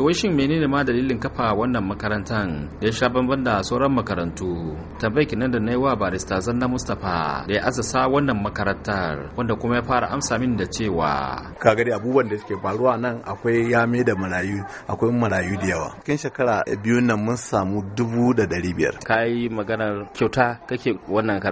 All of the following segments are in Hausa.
to wai shin menene ma dalilin kafa wannan makarantan da ya sha bamban da sauran makarantu tambayar kinan da na yi wa barista zanna mustapha da ya asasa wannan makarantar wanda kuma ya fara amsa min da cewa ka gari abubuwan da suke faruwa nan akwai yame da marayu akwai marayu da yawa kin shekara biyu nan mun samu dubu da dari biyar ka yi maganar kyauta kake wannan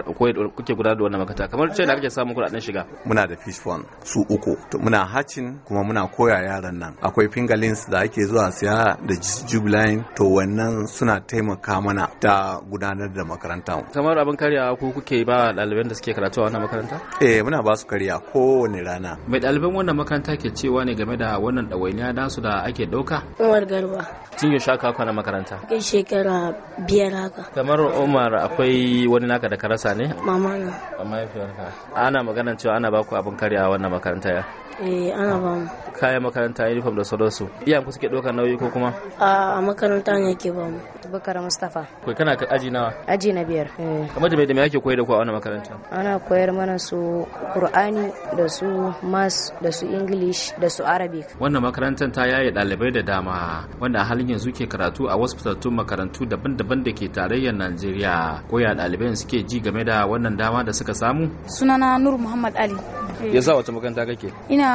kuke gudanar da wannan makaranta kamar ce da kake samun kuɗaɗen shiga muna da fish fund su uku muna hacin kuma muna koya yaran nan akwai fingerlings da ake zuwa zuwa siya da jubiline to wannan suna taimaka mana ta gudanar da makaranta kamar abin karya ko kuke ba ɗaliban da suke karatu a wannan makaranta eh muna ba su karya kowane rana mai ɗaliban wannan makaranta ke cewa ne game da wannan ɗawainiya nasu da ake ɗauka umar garba tun yaushe aka kwana makaranta kai shekara biyar haka kamar umar akwai wani naka da karasa ne mama na mahaifiyarka ana maganar cewa ana ba ku abin karya a wannan makaranta ya eh ana ba mu kayan makaranta uniform da sauransu iya ku suke ɗaukar nauyi ko kuma a makaranta ne ke ba mu bukar mustafa kai kana ka aji nawa aji na biyar eh. kamar da mai da mai ake koyar da ku a wannan makaranta ana koyar mana su qur'ani da su mas da su english da su arabic wannan makarantar ta yaye ɗalibai da dama wanda a halin yanzu ke karatu a wasu fitattun makarantu daban-daban da ke tarayyar najeriya ko ya ɗalibai suke ji game da wannan dama da suka samu sunana nur muhammad ali yasa wata makaranta kake ina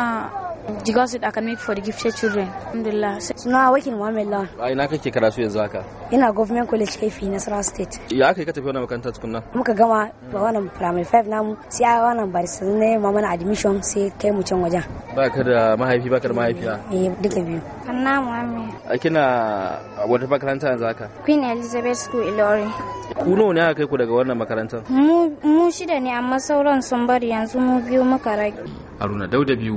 Jigawa Academic for the Gifted Children. Alhamdulillah. Suna wa mai Lawan. A ina kake karatu yanzu haka? Ina Government College Kaifi e, Nasarawa State. Ya aka yi ka tafi wannan makaranta tukunna? Muka gama ba wannan primary five namu sai a wannan barista ne ma mana admission sai kai mu can wajen. Ba ka da mahaifi ba ka da mahaifiya? Eh duka biyu. Anna Muhammad. A kina wata makaranta yanzu haka? Queen Elizabeth School Ilori. Ku nawa ne aka kai ku daga wannan makarantar? Mu shida ne amma sauran sun bari yanzu mu biyu makarai Haruna Dauda biyu